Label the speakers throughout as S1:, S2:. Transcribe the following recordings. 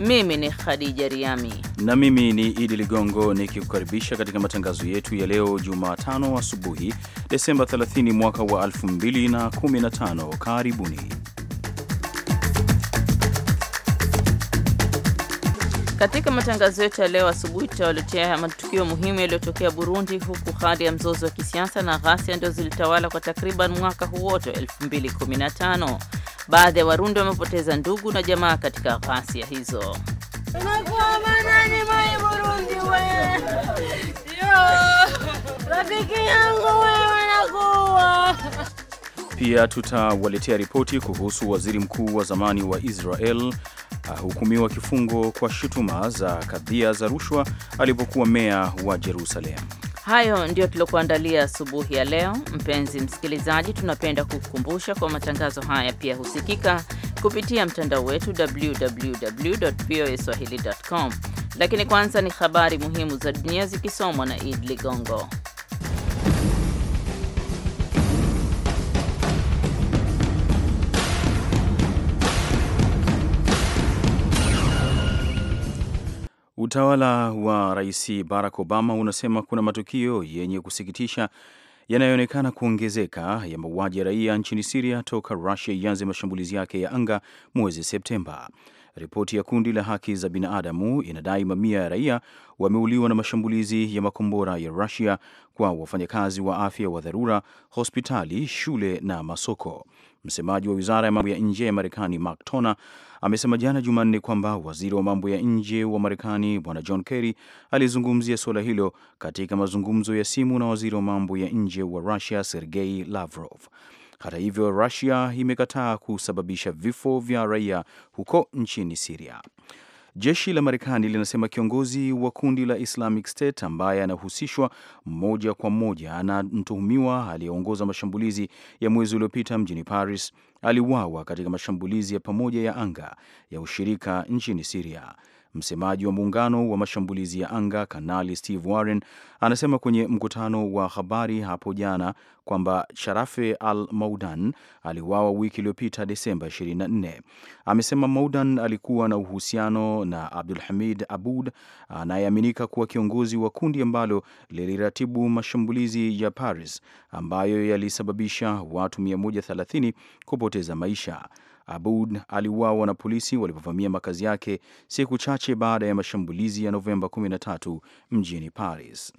S1: mimi ni Khadija Riami
S2: na mimi ni Idi Ligongo nikikukaribisha katika matangazo yetu ya leo Jumatano asubuhi Desemba 30 mwaka wa 2015. Karibuni
S1: katika matangazo yetu ya leo asubuhi. Tutawaletea matukio muhimu yaliyotokea Burundi, huku hali ya mzozo wa kisiasa na ghasia ndio zilitawala kwa takriban mwaka huu wote 2015. Baadhi ya Warundi wamepoteza ndugu na jamaa katika ghasia hizo.
S2: Pia tutawaletea ripoti kuhusu waziri mkuu wa zamani wa Israel ahukumiwa kifungo kwa shutuma za kadhia za rushwa alipokuwa meya wa Jerusalem.
S1: Hayo ndiyo tuliokuandalia asubuhi ya leo. Mpenzi msikilizaji, tunapenda kukukumbusha kwa matangazo haya pia husikika kupitia mtandao wetu www voa www.voaswahili.com. Lakini kwanza ni habari muhimu za dunia zikisomwa na Id Ligongo.
S2: Utawala wa Rais Barack Obama unasema kuna matukio yenye kusikitisha yanayoonekana kuongezeka ya mauaji ya raia nchini Siria toka Rusia ianze mashambulizi yake ya anga mwezi Septemba. Ripoti ya kundi la haki za binadamu inadai mamia ya raia wameuliwa na mashambulizi ya makombora ya Rusia kwa wafanyakazi wa afya wa dharura, hospitali, shule na masoko. Msemaji wa wizara ya mambo ya nje ya Marekani Mark Toner amesema jana Jumanne kwamba waziri wa mambo ya nje wa Marekani Bwana John Kerry alizungumzia suala hilo katika mazungumzo ya simu na waziri wa mambo ya nje wa Russia Sergei Lavrov. Hata hivyo, Rusia imekataa kusababisha vifo vya raia huko nchini Siria. Jeshi la Marekani linasema kiongozi wa kundi la Islamic State ambaye anahusishwa moja kwa moja na mtuhumiwa aliyeongoza mashambulizi ya mwezi uliopita mjini Paris aliuawa katika mashambulizi ya pamoja ya anga ya ushirika nchini Siria. Msemaji wa muungano wa mashambulizi ya anga Kanali Steve Warren anasema kwenye mkutano wa habari hapo jana kwamba Sharafe Al Maudan aliuawa wiki iliyopita Desemba 24. Amesema Maudan alikuwa na uhusiano na Abdul Hamid Abud anayeaminika kuwa kiongozi wa kundi ambalo liliratibu mashambulizi ya Paris ambayo yalisababisha watu 130 kupoteza maisha. Abud aliuawa na polisi walipovamia makazi yake siku chache baada ya mashambulizi ya Novemba 13 mjini Paris.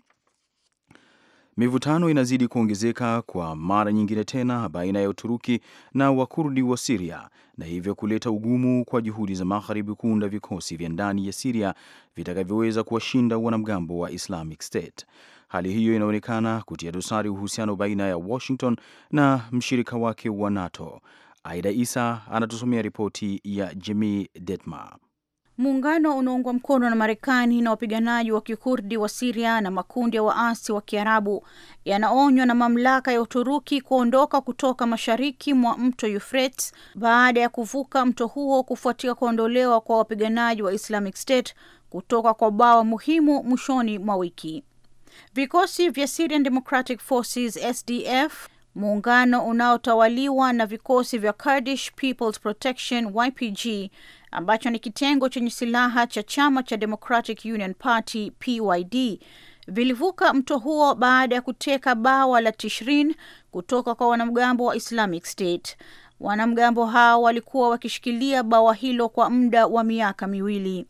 S2: Mivutano inazidi kuongezeka kwa mara nyingine tena baina ya Uturuki na Wakurdi wa Siria na hivyo kuleta ugumu kwa juhudi za Magharibi kuunda vikosi vya ndani ya Siria vitakavyoweza kuwashinda wanamgambo wa Islamic State. Hali hiyo inaonekana kutia dosari uhusiano baina ya Washington na mshirika wake wa NATO Aida Isa anatusomea ripoti ya jimi Detma.
S3: Muungano unaungwa mkono na Marekani na wapiganaji wa kikurdi wa Siria na makundi ya waasi wa kiarabu yanaonywa na mamlaka ya Uturuki kuondoka kutoka mashariki mwa mto Ufret baada ya kuvuka mto huo kufuatia kuondolewa kwa wapiganaji wa Islamic State kutoka kwa bawa muhimu mwishoni mwa wiki. Vikosi vya Syrian Democratic Forces SDF Muungano unaotawaliwa na vikosi vya Kurdish People's Protection YPG ambacho ni kitengo chenye silaha cha chama cha Democratic Union Party PYD vilivuka mto huo baada ya kuteka bawa la Tishrin kutoka kwa wanamgambo wa Islamic State. Wanamgambo hao walikuwa wakishikilia bawa hilo kwa muda wa miaka miwili.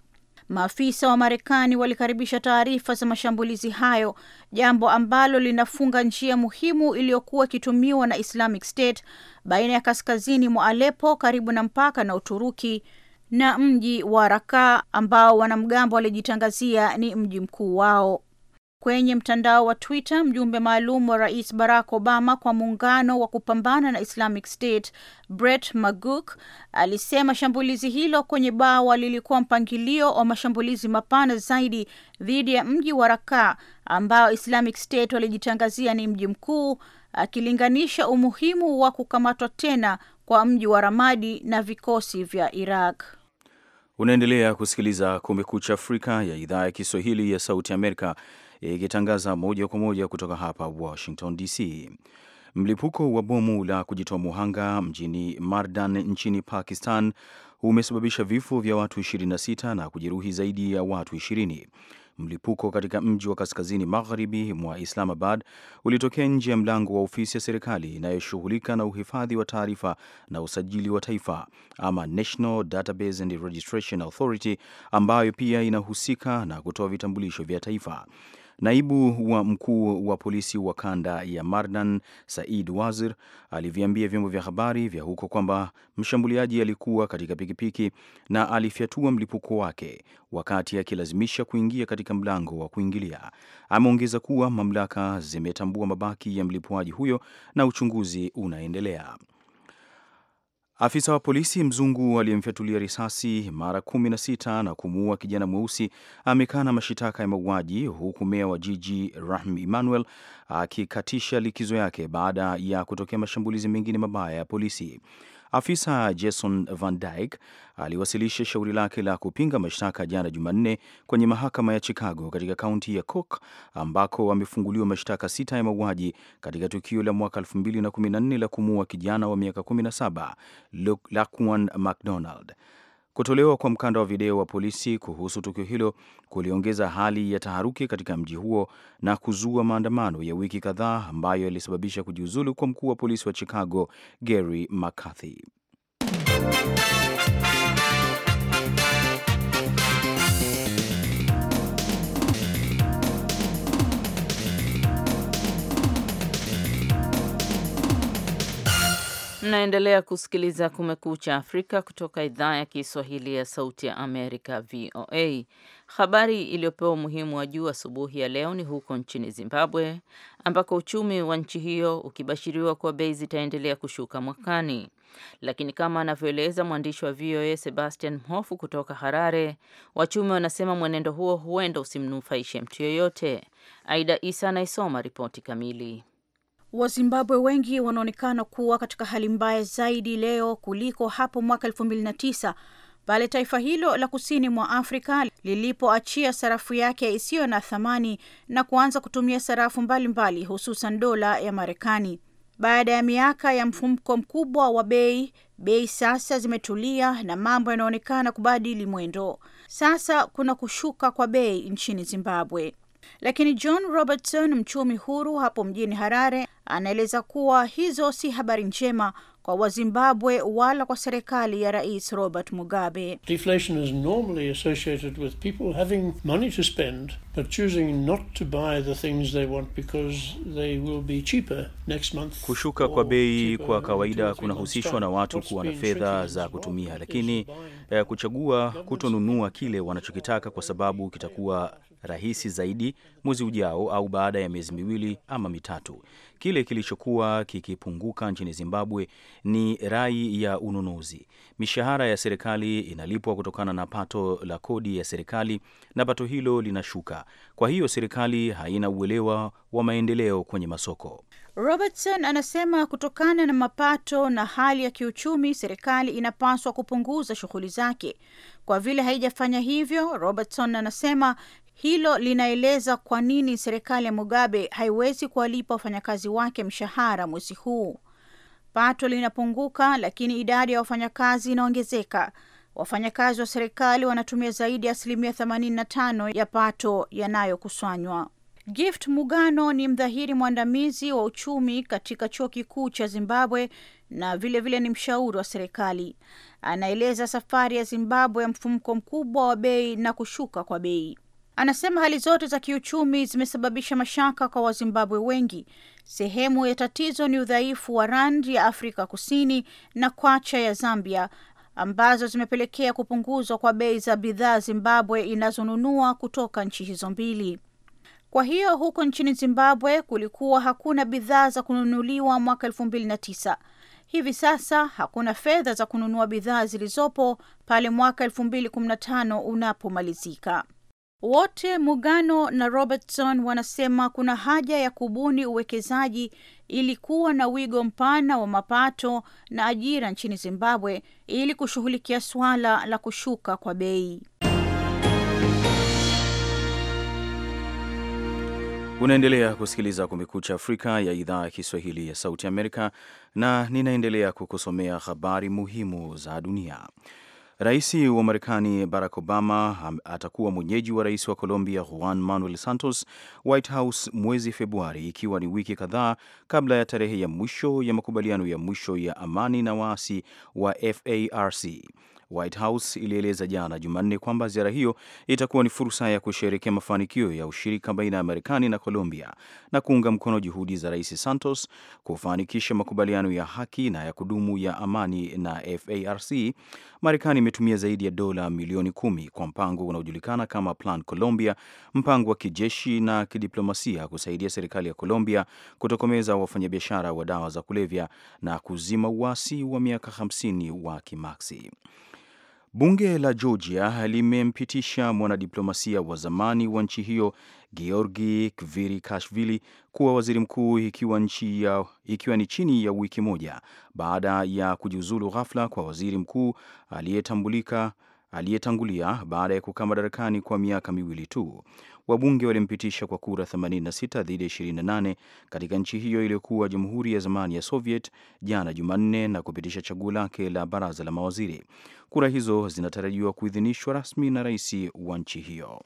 S3: Maafisa wa Marekani walikaribisha taarifa za mashambulizi hayo, jambo ambalo linafunga njia muhimu iliyokuwa ikitumiwa na Islamic State baina ya kaskazini mwa Aleppo karibu na mpaka na Uturuki na mji wa Raqqa ambao wanamgambo walijitangazia ni mji mkuu wao. Kwenye mtandao wa Twitter, mjumbe maalum wa Rais Barack Obama kwa muungano wa kupambana na Islamic State, Brett Maguk, alisema shambulizi hilo kwenye bawa lilikuwa mpangilio wa mashambulizi mapana zaidi dhidi ya mji wa Raka ambao Islamic State walijitangazia ni mji mkuu, akilinganisha umuhimu wa kukamatwa tena kwa mji wa Ramadi na vikosi vya Iraq.
S2: Unaendelea kusikiliza Kumekucha Afrika ya idhaa ya Kiswahili ya Sauti Amerika ikitangaza moja kwa moja kutoka hapa Washington DC. Mlipuko wa bomu la kujitoa muhanga mjini Mardan nchini Pakistan umesababisha vifo vya watu 26 na kujeruhi zaidi ya watu 20. Mlipuko katika mji wa kaskazini magharibi mwa Islamabad ulitokea nje ya mlango wa ofisi ya serikali inayoshughulika na uhifadhi wa taarifa na usajili wa taifa ama National Database and Registration Authority ambayo pia inahusika na kutoa vitambulisho vya taifa. Naibu wa mkuu wa polisi wa kanda ya Mardan, Said Wazir, aliviambia vyombo vya habari vya huko kwamba mshambuliaji alikuwa katika pikipiki na alifyatua mlipuko wake wakati akilazimisha kuingia katika mlango wa kuingilia. Ameongeza kuwa mamlaka zimetambua mabaki ya mlipuaji huyo na uchunguzi unaendelea. Afisa wa polisi mzungu aliyemfyatulia risasi mara kumi na sita na kumuua kijana mweusi amekana mashitaka ya mauaji, huku meya wa jiji Rahm Emanuel akikatisha likizo yake baada ya kutokea mashambulizi mengine mabaya ya polisi. Afisa Jason Van Dyke aliwasilisha shauri lake la kupinga mashtaka jana Jumanne kwenye mahakama ya Chicago katika kaunti ya Cook ambako amefunguliwa mashtaka sita ya mauaji katika tukio la mwaka 2014 la kumuua kijana wa miaka 17 Laquan McDonald. Kutolewa kwa mkanda wa video wa polisi kuhusu tukio hilo kuliongeza hali ya taharuki katika mji huo na kuzua maandamano ya wiki kadhaa ambayo yalisababisha kujiuzulu kwa mkuu wa polisi wa Chicago Gary McCarthy.
S1: Mnaendelea kusikiliza Kumekucha Afrika kutoka idhaa ya Kiswahili ya Sauti ya Amerika, VOA. Habari iliyopewa umuhimu wa juu asubuhi ya leo ni huko nchini Zimbabwe, ambako uchumi wa nchi hiyo ukibashiriwa kuwa bei zitaendelea kushuka mwakani. Lakini kama anavyoeleza mwandishi wa VOA Sebastian Mhofu kutoka Harare, wachumi wanasema mwenendo huo huenda usimnufaishe mtu yoyote. Aida Isa anaisoma ripoti kamili.
S3: Wazimbabwe wengi wanaonekana kuwa katika hali mbaya zaidi leo kuliko hapo mwaka elfu mbili na tisa pale taifa hilo la kusini mwa Afrika lilipoachia sarafu yake isiyo na thamani na kuanza kutumia sarafu mbalimbali hususan dola ya Marekani. Baada ya miaka ya mfumko mkubwa wa bei, bei sasa zimetulia na mambo yanaonekana kubadili mwendo. Sasa kuna kushuka kwa bei nchini Zimbabwe. Lakini John Robertson, mchumi huru hapo mjini Harare, anaeleza kuwa hizo si habari njema kwa Wazimbabwe wala kwa serikali ya Rais Robert Mugabe.
S4: Deflation is normally associated with people having money to spend but choosing not to buy the things they want because they will be cheaper next month.
S2: Kushuka kwa bei kwa kawaida kunahusishwa na watu kuwa na fedha za kutumia, lakini eh, kuchagua kutonunua kile wanachokitaka kwa sababu kitakuwa rahisi zaidi mwezi ujao au baada ya miezi miwili ama mitatu. Kile kilichokuwa kikipunguka nchini Zimbabwe ni rai ya ununuzi. Mishahara ya serikali inalipwa kutokana na pato la kodi ya serikali na pato hilo linashuka. Kwa hiyo serikali haina uelewa wa maendeleo kwenye masoko.
S3: Robertson anasema kutokana na mapato na hali ya kiuchumi, serikali inapaswa kupunguza shughuli zake. Kwa vile haijafanya hivyo, Robertson anasema hilo linaeleza kwa nini serikali ya Mugabe haiwezi kuwalipa wafanyakazi wake mshahara mwezi huu. Pato linapunguka, lakini idadi ya wafanyakazi inaongezeka. Wafanyakazi wa serikali wanatumia zaidi ya asilimia 85 ya pato yanayokusanywa. Gift Mugano ni mdhahiri mwandamizi wa uchumi katika chuo kikuu cha Zimbabwe na vilevile vile ni mshauri wa serikali. Anaeleza safari ya Zimbabwe ya mfumko mkubwa wa bei na kushuka kwa bei. Anasema hali zote za kiuchumi zimesababisha mashaka kwa Wazimbabwe wengi. Sehemu ya tatizo ni udhaifu wa randi ya Afrika Kusini na kwacha ya Zambia ambazo zimepelekea kupunguzwa kwa bei za bidhaa Zimbabwe inazonunua kutoka nchi hizo mbili. Kwa hiyo huko nchini Zimbabwe kulikuwa hakuna bidhaa za kununuliwa mwaka elfu mbili na tisa. Hivi sasa hakuna fedha za kununua bidhaa zilizopo pale mwaka elfu mbili kumi na tano unapomalizika. Wote Mugano na Robertson wanasema kuna haja ya kubuni uwekezaji ili kuwa na wigo mpana wa mapato na ajira nchini Zimbabwe ili kushughulikia suala la kushuka kwa bei.
S2: Unaendelea kusikiliza Kumekucha Afrika ya idhaa ya Kiswahili ya Sauti Amerika, na ninaendelea kukusomea habari muhimu za dunia. Rais wa Marekani Barack Obama atakuwa mwenyeji wa rais wa Colombia Juan Manuel Santos White House mwezi Februari, ikiwa ni wiki kadhaa kabla ya tarehe ya mwisho ya makubaliano ya mwisho ya amani na waasi wa FARC. White House ilieleza jana Jumanne kwamba ziara hiyo itakuwa ni fursa ya kusherehekea mafanikio ya ushirika baina ya Marekani na Colombia na kuunga mkono juhudi za Rais Santos kufanikisha makubaliano ya haki na ya kudumu ya amani na FARC. Marekani imetumia zaidi ya dola milioni kumi kwa mpango unaojulikana kama Plan Colombia, mpango wa kijeshi na kidiplomasia kusaidia serikali ya Colombia kutokomeza wafanyabiashara wa dawa za kulevya na kuzima uasi wa miaka 50 wa Kimaksi. Bunge la Georgia limempitisha mwanadiplomasia wa zamani wa nchi hiyo Georgi Kvirikashvili kuwa waziri mkuu ikiwa, nchi ya, ikiwa ni chini ya wiki moja baada ya kujiuzulu ghafla kwa waziri mkuu aliyetambulika aliyetangulia baada ya kukaa madarakani kwa miaka miwili tu. Wabunge walimpitisha kwa kura 86 dhidi ya 28 katika nchi hiyo iliyokuwa jamhuri ya zamani ya Soviet jana Jumanne na kupitisha chaguo lake la baraza la mawaziri. Kura hizo zinatarajiwa kuidhinishwa rasmi na rais wa nchi hiyo.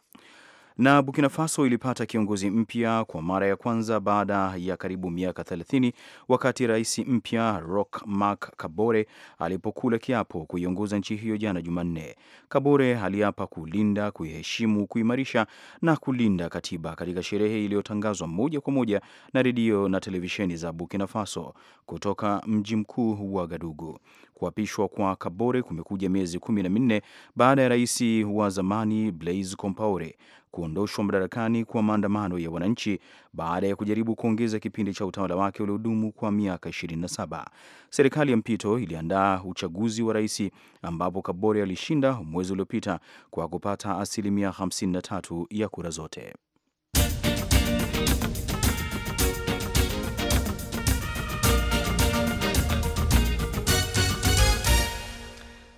S2: Na Burkina Faso ilipata kiongozi mpya kwa mara ya kwanza baada ya karibu miaka 30 wakati rais mpya Roch Marc Kabore alipokula kiapo kuiongoza nchi hiyo jana Jumanne. Kabore aliapa kulinda, kuiheshimu, kuimarisha na kulinda katiba katika sherehe iliyotangazwa moja kwa moja na redio na televisheni za Burkina Faso kutoka mji mkuu wa Gadugu. Kuapishwa kwa Kabore kumekuja miezi kumi na minne baada ya rais wa zamani Blaise Compaore kuondoshwa madarakani kwa maandamano ya wananchi baada ya kujaribu kuongeza kipindi cha utawala wake uliodumu kwa miaka 27. Serikali ya mpito iliandaa uchaguzi wa rais ambapo Kabore alishinda mwezi uliopita kwa kupata asilimia 53 ya kura zote.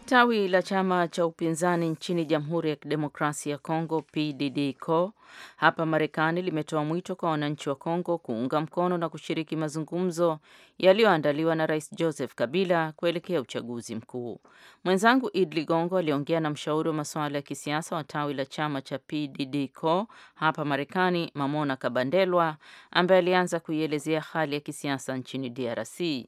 S1: Tawi la chama cha upinzani nchini Jamhuri ya Kidemokrasia ya Kongo PDDCO hapa Marekani limetoa mwito kwa wananchi wa Kongo kuunga mkono na kushiriki mazungumzo yaliyoandaliwa na Rais Joseph Kabila kuelekea uchaguzi mkuu. Mwenzangu Id Ligongo aliongea na mshauri wa masuala ya kisiasa wa tawi la chama cha PDDCO hapa Marekani, Mamona Kabandelwa, ambaye alianza kuielezea hali ya kisiasa nchini DRC.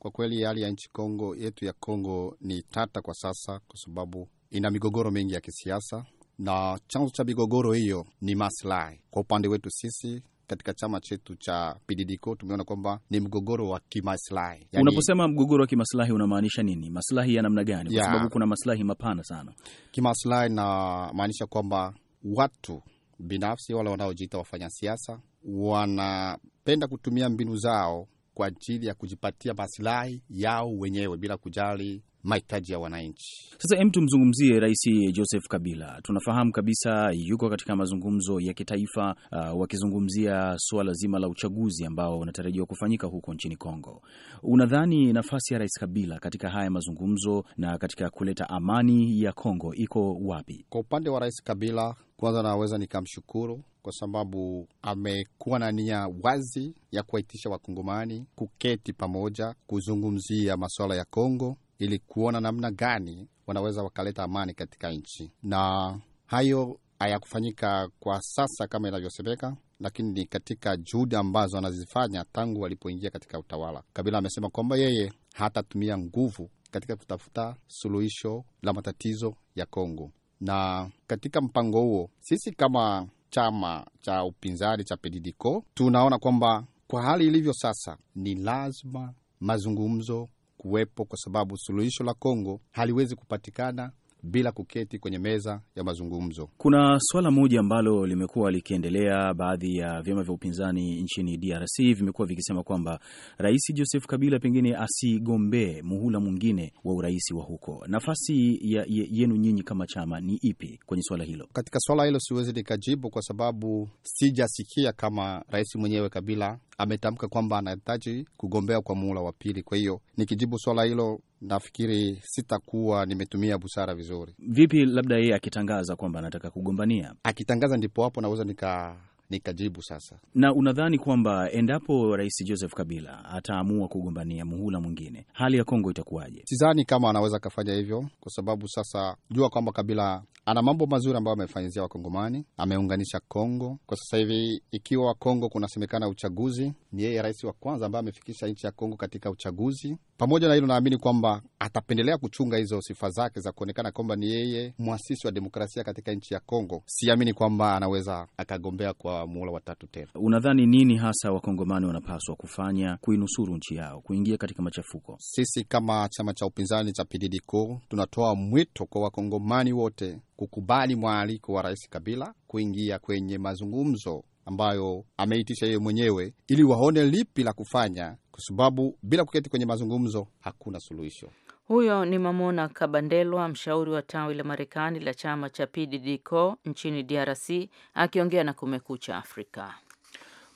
S5: Kwa kweli hali ya nchi Kongo yetu ya Kongo ni tata kwa sasa, kwa sababu ina migogoro mingi ya kisiasa, na chanzo cha migogoro hiyo ni maslahi. Kwa upande wetu sisi katika chama chetu cha PDDCO tumeona kwamba ni mgogoro wa kimaslahi yani... Unaposema
S2: mgogoro wa kimaslahi unamaanisha nini? Maslahi ya namna gani? Kwa sababu kuna
S5: maslahi mapana sana. Kimaslahi namaanisha kwamba watu binafsi wale wanaojiita wafanya siasa wanapenda kutumia mbinu zao kwa ajili ya kujipatia masilahi yao wenyewe bila kujali mahitaji ya wananchi.
S2: Sasa hem, tumzungumzie Rais Joseph Kabila. Tunafahamu kabisa yuko katika mazungumzo ya kitaifa uh, wakizungumzia suala zima la uchaguzi ambao unatarajiwa kufanyika huko nchini Kongo. Unadhani nafasi ya Rais Kabila katika haya mazungumzo na katika kuleta amani ya Kongo iko wapi?
S5: Kwa upande wa Rais Kabila, kwanza naweza nikamshukuru kwa sababu amekuwa na nia wazi ya kuwaitisha Wakongomani kuketi pamoja kuzungumzia masuala ya Kongo ili kuona namna gani wanaweza wakaleta amani katika nchi, na hayo hayakufanyika kwa sasa kama inavyosemeka, lakini ni katika juhudi ambazo anazifanya tangu walipoingia katika utawala. Kabila amesema kwamba yeye hatatumia nguvu katika kutafuta suluhisho la matatizo ya Kongo, na katika mpango huo sisi kama chama cha upinzani cha PEDIDCO, tunaona kwamba kwa hali ilivyo sasa ni lazima mazungumzo kuwepo, kwa sababu suluhisho la Kongo haliwezi kupatikana bila kuketi kwenye meza ya mazungumzo.
S2: Kuna swala moja ambalo limekuwa likiendelea, baadhi ya vyama vya upinzani nchini DRC vimekuwa vikisema kwamba Rais Joseph Kabila pengine asigombee muhula mwingine wa urais
S5: wa huko. Nafasi ya yenu nyinyi kama chama ni ipi kwenye swala hilo? Katika swala hilo siwezi nikajibu kwa sababu sijasikia kama rais mwenyewe Kabila ametamka kwamba anahitaji kugombea kwa muhula wa pili. Kwa hiyo nikijibu swala hilo, nafikiri sitakuwa nimetumia busara vizuri. Vipi labda yeye akitangaza kwamba anataka kugombania, akitangaza ndipo hapo naweza nika nikajibu sasa.
S2: Na unadhani kwamba endapo
S5: Rais Joseph Kabila ataamua kugombania muhula mwingine, hali ya Kongo itakuwaje? Sidhani kama anaweza akafanya hivyo, kwa sababu sasa jua kwamba Kabila ana mambo mazuri ambayo amefanyizia Wakongomani, ameunganisha Kongo. Kwa sasa hivi, ikiwa Kongo kunasemekana uchaguzi, ni yeye rais wa kwanza ambaye amefikisha nchi ya Kongo katika uchaguzi. Pamoja na hilo, naamini kwamba atapendelea kuchunga hizo sifa zake za kuonekana kwamba ni yeye mwasisi wa demokrasia katika nchi ya Kongo. Siamini kwamba anaweza akagombea kwa muhula watatu tena. Unadhani nini hasa wakongomani wanapaswa kufanya kuinusuru nchi yao kuingia katika machafuko? Sisi kama chama cha upinzani cha PDDCO tunatoa mwito kwa wakongomani wote kukubali mwaliko wa Rais Kabila kuingia kwenye mazungumzo ambayo ameitisha yeye mwenyewe ili waone lipi la kufanya, kwa sababu bila kuketi kwenye mazungumzo hakuna suluhisho.
S1: Huyo ni Mamona Kabandelwa, mshauri wa tawi la Marekani la chama cha PDDCO nchini DRC, akiongea na Kumekucha Afrika.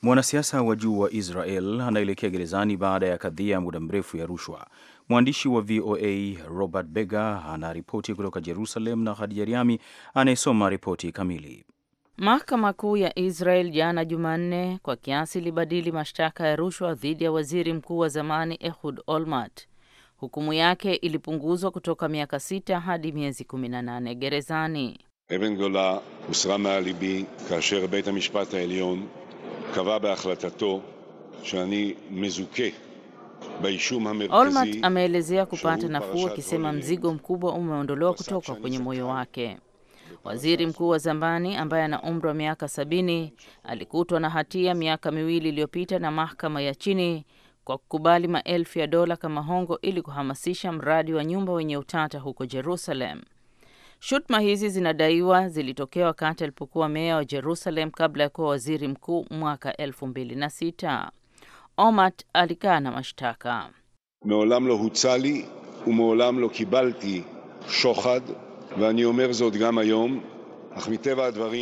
S2: Mwanasiasa wa juu wa Israel anaelekea gerezani baada ya kadhia muda mrefu ya rushwa. Mwandishi wa VOA Robert Bega anaripoti kutoka Jerusalem na Hadija Riami anayesoma ripoti kamili.
S1: Mahakama Kuu ya Israel jana Jumanne kwa kiasi ilibadili mashtaka ya rushwa dhidi ya waziri mkuu wa zamani Ehud Olmert. Hukumu yake ilipunguzwa kutoka miaka sita hadi miezi 18 gerezani.
S5: Eben Gola usra
S2: maalibi kasher hamishpat haelyon kava mezuke Olmert
S1: ameelezea kupata nafuu akisema mzigo mkubwa umeondolewa kutoka kwenye moyo wake. Waziri mkuu wa zamani ambaye ana umri wa miaka sabini alikutwa na hatia miaka miwili iliyopita na mahakama ya chini kwa kukubali maelfu ya dola kama hongo ili kuhamasisha mradi wa nyumba wenye utata huko Jerusalem. Shutuma hizi zinadaiwa zilitokea wakati alipokuwa meya wa Jerusalem kabla ya kuwa waziri mkuu mwaka sita. Omat alikaa na mashtaka.
S2: meolam lo hutsali umeolam lo kibalti shohad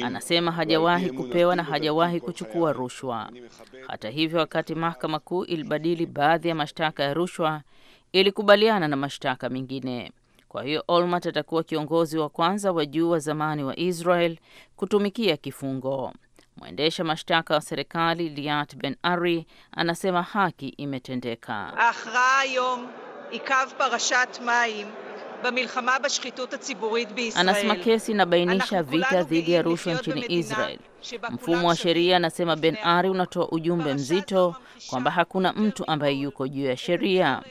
S2: Anasema
S1: hajawahi kupewa na hajawahi kuchukua rushwa. Hata hivyo, wakati mahakama kuu ilibadili baadhi ya mashtaka ya rushwa, ilikubaliana na mashtaka mengine. Kwa hiyo Olmert atakuwa kiongozi wa kwanza wa juu wa zamani wa Israel kutumikia kifungo. Mwendesha mashtaka wa serikali Liat Ben Ari anasema haki imetendeka.
S3: ikav parashat
S1: Anasema kesi inabainisha vita dhidi ya rushwa nchini Israel. Mfumo wa sheria, anasema Ben Ari, unatoa ujumbe mzito kwamba hakuna mtu ambaye yuko juu ya sheria.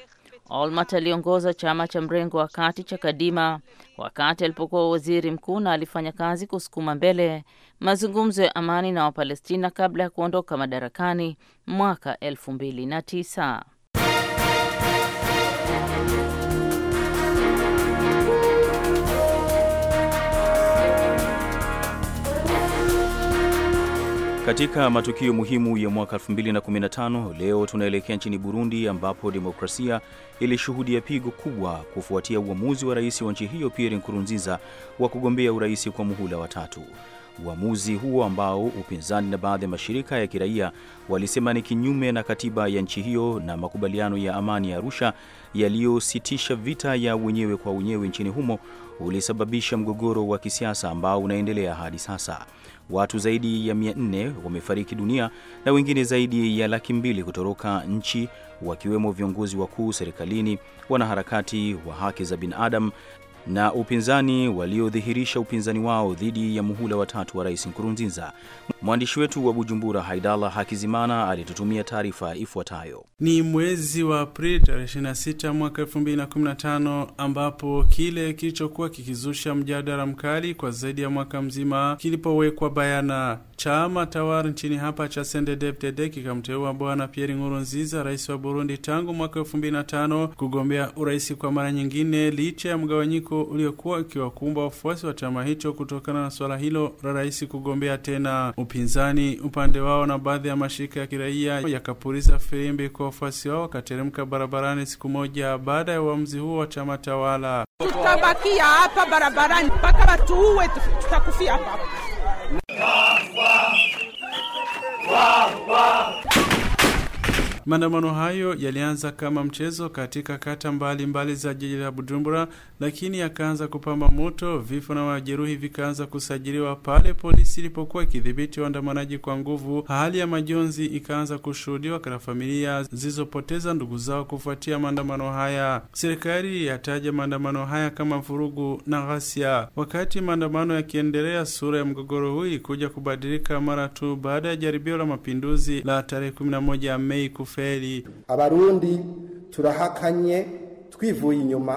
S1: Olmert aliongoza chama cha mrengo wa kati cha Kadima wakati alipokuwa waziri mkuu na alifanya kazi kusukuma mbele mazungumzo ya amani na Wapalestina kabla ya kuondoka madarakani mwaka 2009.
S2: Katika matukio muhimu ya mwaka 2015 leo tunaelekea nchini Burundi ambapo demokrasia ilishuhudia pigo kubwa kufuatia uamuzi wa rais wa nchi hiyo Pierre Nkurunziza wa kugombea urais kwa muhula wa tatu. Uamuzi huo ambao upinzani na baadhi ya mashirika ya kiraia walisema ni kinyume na katiba ya nchi hiyo na makubaliano ya amani ya Arusha yaliyositisha vita ya wenyewe kwa wenyewe nchini humo ulisababisha mgogoro wa kisiasa ambao unaendelea hadi sasa. Watu zaidi ya 400 wamefariki dunia na wengine zaidi ya laki mbili kutoroka nchi, wakiwemo viongozi wakuu serikalini, wanaharakati wa haki za binadamu na upinzani waliodhihirisha upinzani wao dhidi ya muhula watatu wa Rais Nkurunziza. Mwandishi wetu wa Bujumbura, Haidala Hakizimana, alitutumia taarifa ifuatayo.
S4: Ni mwezi wa Aprili tarehe 26 mwaka 2015 ambapo kile kilichokuwa kikizusha mjadala mkali kwa zaidi ya mwaka mzima kilipowekwa bayana. Chama tawala nchini hapa cha CNDD-FDD kikamteua Bwana Pierre Nkurunziza, rais wa Burundi, tangu mwaka 2005 kugombea urais kwa mara nyingine licha ya mgawanyiko mabadiliko uliokuwa ukiwakumba wafuasi wa chama hicho kutokana na swala hilo la rais kugombea tena. Upinzani upande wao na baadhi ya mashirika ya kiraia yakapuriza firimbi kwa wafuasi wao wakateremka barabarani siku moja baada ya uamuzi huo wa chama tawala.
S6: Tutabakia hapa barabarani mpaka watuuwe, tutakufia hapa.
S4: Maandamano hayo yalianza kama mchezo katika kata mbalimbali mbali za jiji la Bujumbura, lakini yakaanza kupamba moto. Vifo na majeruhi vikaanza kusajiliwa pale polisi ilipokuwa ikidhibiti waandamanaji kwa nguvu. Hali ya majonzi ikaanza kushuhudiwa katika familia zilizopoteza ndugu zao kufuatia maandamano haya. Serikali yataja maandamano haya kama vurugu na ghasia. Wakati maandamano yakiendelea, sura ya mgogoro huu ilikuja kubadilika mara tu baada ya jaribio la mapinduzi la tarehe 11 Mei kufe feri
S5: abarundi turahakanye twivuye inyuma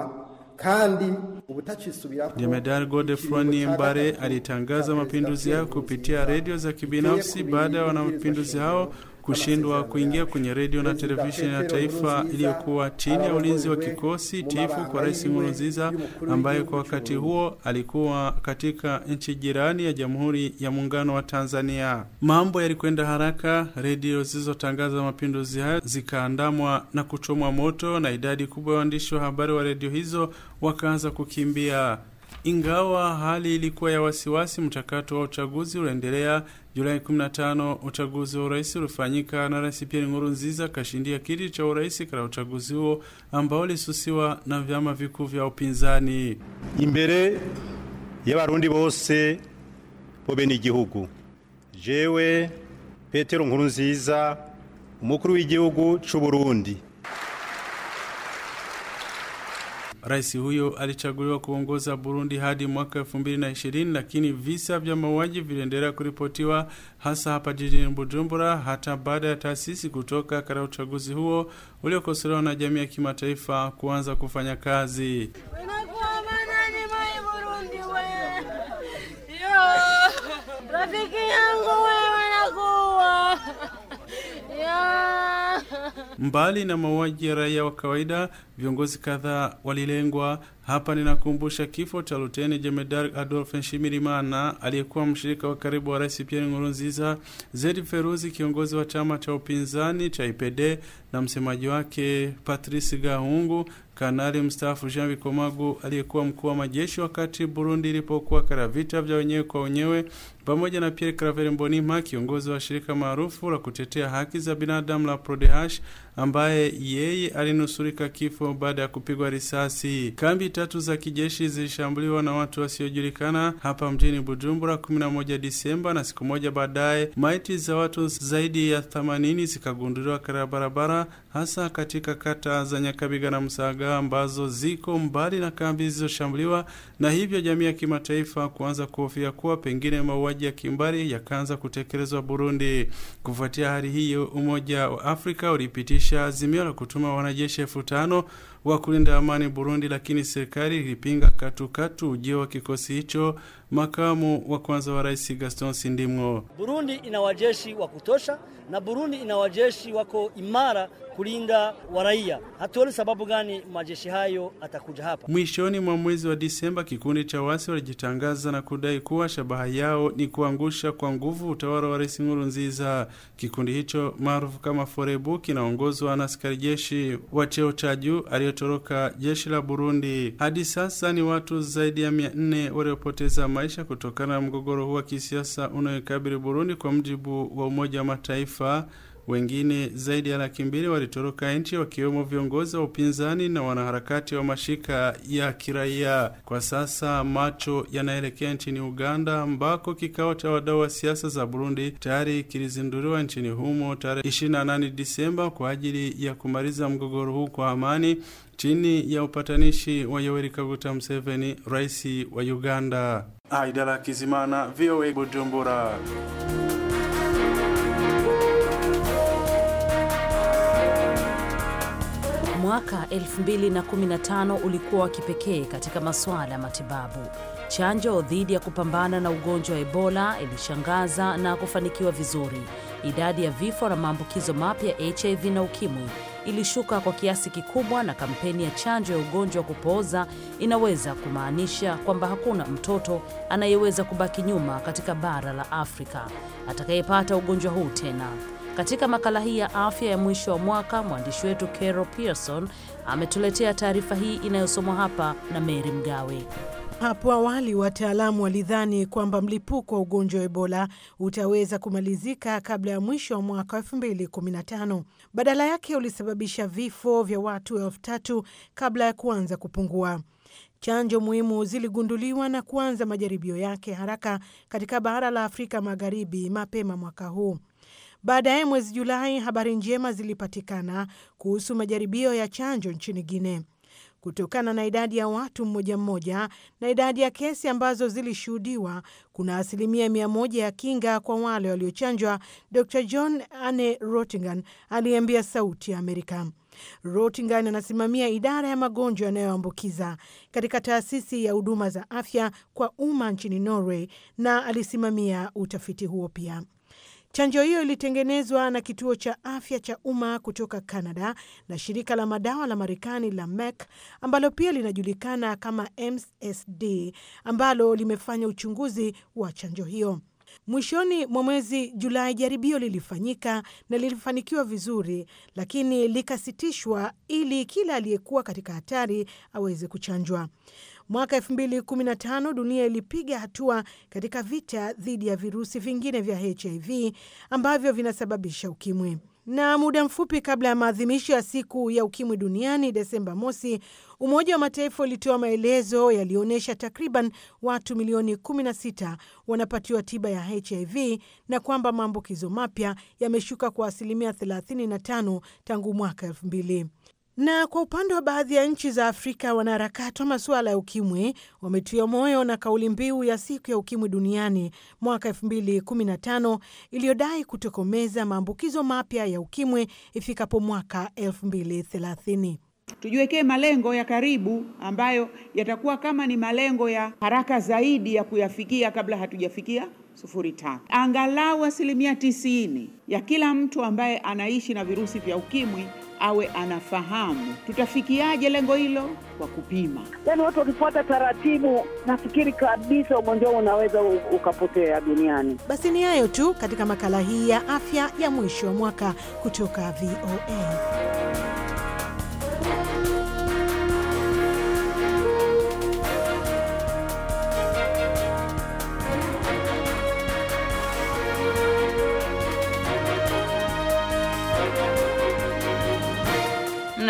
S5: kandi ubutachisubirako
S4: Jemedar Godefroy Nimbare alitangaza mapinduzi yao kupitia redio za kibinafsi baada ya wanamapinduzi hao kushindwa kuingia kwenye redio na televisheni ya taifa iliyokuwa chini ya ulinzi wa kikosi tifu kwa Rais Nkurunziza ambaye kwa wakati huo alikuwa katika nchi jirani ya Jamhuri ya Muungano wa Tanzania. Mambo yalikwenda haraka, redio zilizotangaza mapinduzi hayo zikaandamwa na kuchomwa moto, na idadi kubwa ya waandishi wa habari wa redio hizo wakaanza kukimbia. Ingawa hali ilikuwa ya wasiwasi, mchakato wa uchaguzi uliendelea. Julai 15 uchaguzi wa urais ulifanyika na Rais Pierre Nkurunziza akashindia kiti cha urais katika uchaguzi huo ambao ulisusiwa na vyama vikuu vya upinzani. imbere y'abarundi
S5: bose bobe ni igihugu jewe Petero Nkurunziza umukuru w'igihugu c'u Burundi
S4: Rais huyo alichaguliwa kuongoza Burundi hadi mwaka ishirini, lakini visa vya mauaji viliendelea kuripotiwa hasa hapa jijini Bujumbura hata baada ya taasisi kutoka katika uchaguzi huo uliokosolewa na jamii ya kimataifa kuanza kufanya kazi.
S3: Rafiki
S6: yangu wewe nakuwa
S4: Mbali na mauaji ya raia wa kawaida, viongozi kadhaa walilengwa. Hapa ninakumbusha kifo cha Luteni Jemedari Adolphe Nshimirimana, aliyekuwa mshirika wa karibu wa Rais Pierre Nkurunziza, Zedi Feruzi, kiongozi wa chama cha upinzani cha IPD na msemaji wake Patrice Gahungu, Kanali mstaafu Jean Bikomagu aliyekuwa mkuu wa majeshi wakati Burundi ilipokuwa katika vita vya wenyewe kwa wenyewe, pamoja na Pierre Claver Mbonimpa, kiongozi wa shirika maarufu la kutetea haki za binadamu la Prodehash, ambaye yeye alinusurika kifo baada ya kupigwa risasi. Kambi tatu za kijeshi zilishambuliwa na watu wasiojulikana hapa mjini Bujumbura 11 Disemba, na siku moja baadaye maiti za watu zaidi ya 80 zikagunduliwa katika barabara hasa katika kata za Nyakabiga na Msaga ambazo ziko mbali na kambi zilizoshambuliwa, na hivyo jamii ya kimataifa kuanza kuhofia kuwa pengine mauaji ya kimbari yakaanza kutekelezwa Burundi. Kufuatia hali hiyo, Umoja wa Afrika ulipitisha azimio la kutuma wanajeshi elfu tano wa kulinda amani Burundi, lakini serikali ilipinga katukatu ujio wa kikosi hicho. Makamu wa kwanza wa rais Gaston Sindimwo:
S5: Burundi ina wajeshi wa kutosha na Burundi ina wajeshi wako imara kulinda waraia, hatuoni sababu gani majeshi hayo atakuja hapa.
S4: Mwishoni mwa mwezi wa Disemba, kikundi cha wasi walijitangaza na kudai kuwa shabaha yao ni kuangusha kwa nguvu utawala wa rais Nkurunziza. Kikundi hicho maarufu kama Forebu kinaongozwa na askari jeshi wa cheo cha juu aliyo wametoroka jeshi la Burundi. Hadi sasa ni watu zaidi ya mia nne waliopoteza maisha kutokana na mgogoro huu wa kisiasa unaoikabili Burundi, kwa mjibu wa Umoja wa Mataifa. Wengine zaidi ya laki mbili walitoroka nchi wakiwemo viongozi wa upinzani na wanaharakati wa mashirika ya kiraia. Kwa sasa macho yanaelekea nchini Uganda, ambako kikao cha wadau wa siasa za Burundi tayari kilizinduliwa nchini humo tarehe 28 Disemba kwa ajili ya kumaliza mgogoro huu kwa amani chini ya upatanishi wa Yoweri Kaguta Museveni, rais wa Uganda. Aidala Kizimana, VOA Bujumbura.
S1: Mwaka 2015 ulikuwa wa kipekee katika masuala ya matibabu. Chanjo dhidi ya kupambana na ugonjwa wa Ebola ilishangaza na kufanikiwa vizuri. Idadi ya vifo na maambukizo mapya HIV na ukimwi ilishuka kwa kiasi kikubwa, na kampeni ya chanjo ya ugonjwa wa kupooza inaweza kumaanisha kwamba hakuna mtoto anayeweza kubaki nyuma katika bara la Afrika atakayepata ugonjwa huu tena. Katika makala hii ya afya ya mwisho wa mwaka, mwandishi wetu Carol Pearson ametuletea taarifa hii inayosomwa hapa na Mary Mgawe.
S6: Hapo awali wataalamu walidhani kwamba mlipuko wa ugonjwa wa Ebola utaweza kumalizika kabla ya mwisho wa mwaka 2015. Badala yake ulisababisha vifo vya watu elfu tatu kabla ya kuanza kupungua. Chanjo muhimu ziligunduliwa na kuanza majaribio yake haraka katika bara la Afrika Magharibi mapema mwaka huu. Baadaye mwezi Julai, habari njema zilipatikana kuhusu majaribio ya chanjo nchini Guinea. Kutokana na idadi ya watu mmoja mmoja na idadi ya kesi ambazo zilishuhudiwa, kuna asilimia mia moja ya kinga kwa wale waliochanjwa, Dr John Anne rotingan aliyeambia Sauti ya Amerika. rotingan anasimamia idara ya magonjwa yanayoambukiza katika taasisi ya huduma za afya kwa umma nchini Norway na alisimamia utafiti huo pia. Chanjo hiyo ilitengenezwa na kituo cha afya cha umma kutoka Canada na shirika la madawa la Marekani la Merck ambalo pia linajulikana kama MSD ambalo limefanya uchunguzi wa chanjo hiyo. Mwishoni mwa mwezi Julai, jaribio lilifanyika na lilifanikiwa vizuri, lakini likasitishwa ili kila aliyekuwa katika hatari aweze kuchanjwa. Mwaka 2015 dunia ilipiga hatua katika vita dhidi ya virusi vingine vya HIV ambavyo vinasababisha ukimwi na muda mfupi kabla ya maadhimisho ya siku ya ukimwi duniani Desemba mosi, Umoja wa Mataifa ulitoa maelezo yaliyoonyesha takriban watu milioni 16 wanapatiwa tiba ya HIV na kwamba maambukizo mapya yameshuka kwa asilimia 35 tangu mwaka mbili. Na kwa upande wa baadhi ya nchi za Afrika, wanaharakati wa masuala ya ukimwi wametia moyo na kauli mbiu ya siku ya ukimwi duniani mwaka 2015 iliyodai kutokomeza maambukizo mapya ya ukimwi ifikapo mwaka 2030. Tujiwekee malengo ya karibu ambayo yatakuwa kama ni malengo ya haraka zaidi ya kuyafikia kabla hatujafikia 03. Angalau asilimia tisini ya kila mtu ambaye anaishi na virusi vya ukimwi awe anafahamu. Tutafikiaje lengo hilo? Kwa kupima. Yaani watu wakifuata taratibu, nafikiri kabisa ugonjwa huu unaweza ukapotea duniani. Basi ni hayo tu katika makala hii ya afya ya mwisho wa mwaka kutoka VOA.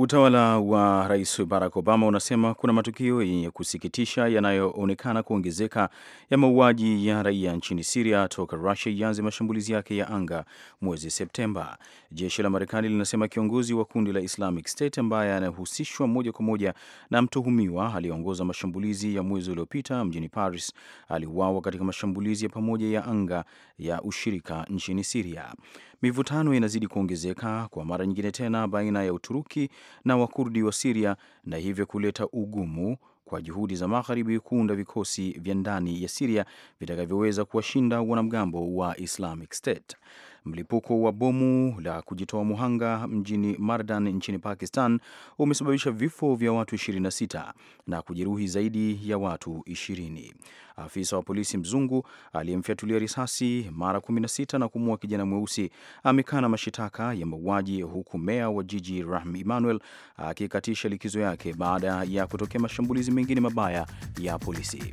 S2: Utawala wa Rais Barack Obama unasema kuna matukio yenye kusikitisha yanayoonekana kuongezeka ya mauaji ya raia nchini Siria toka Rusia ianze mashambulizi yake ya anga mwezi Septemba. Jeshi la Marekani linasema kiongozi wa kundi la Islamic State ambaye anahusishwa moja kwa moja na mtuhumiwa aliyeongoza mashambulizi ya mwezi uliopita mjini Paris aliuawa katika mashambulizi ya pamoja ya anga ya ushirika nchini Siria. Mivutano inazidi kuongezeka kwa mara nyingine tena baina ya Uturuki na Wakurdi wa Siria na hivyo kuleta ugumu kwa juhudi za Magharibi kuunda vikosi vya ndani ya Siria vitakavyoweza kuwashinda wanamgambo wa Islamic State. Mlipuko wa bomu la kujitoa muhanga mjini Mardan nchini Pakistan umesababisha vifo vya watu 26 na kujeruhi zaidi ya watu 20. Afisa wa polisi mzungu aliyemfyatulia risasi mara 16 na kumua kijana mweusi amekana mashitaka ya mauaji, huku meya wa jiji Rahm Emanuel akikatisha likizo yake baada ya kutokea mashambulizi mengine mabaya ya polisi.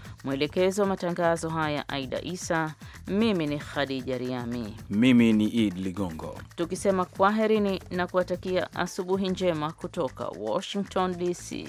S1: Mwelekezo wa matangazo haya Aida Isa, mimi ni Khadija Riami,
S2: mimi ni Id Ligongo,
S1: tukisema kwaherini na kuwatakia asubuhi njema kutoka Washington DC.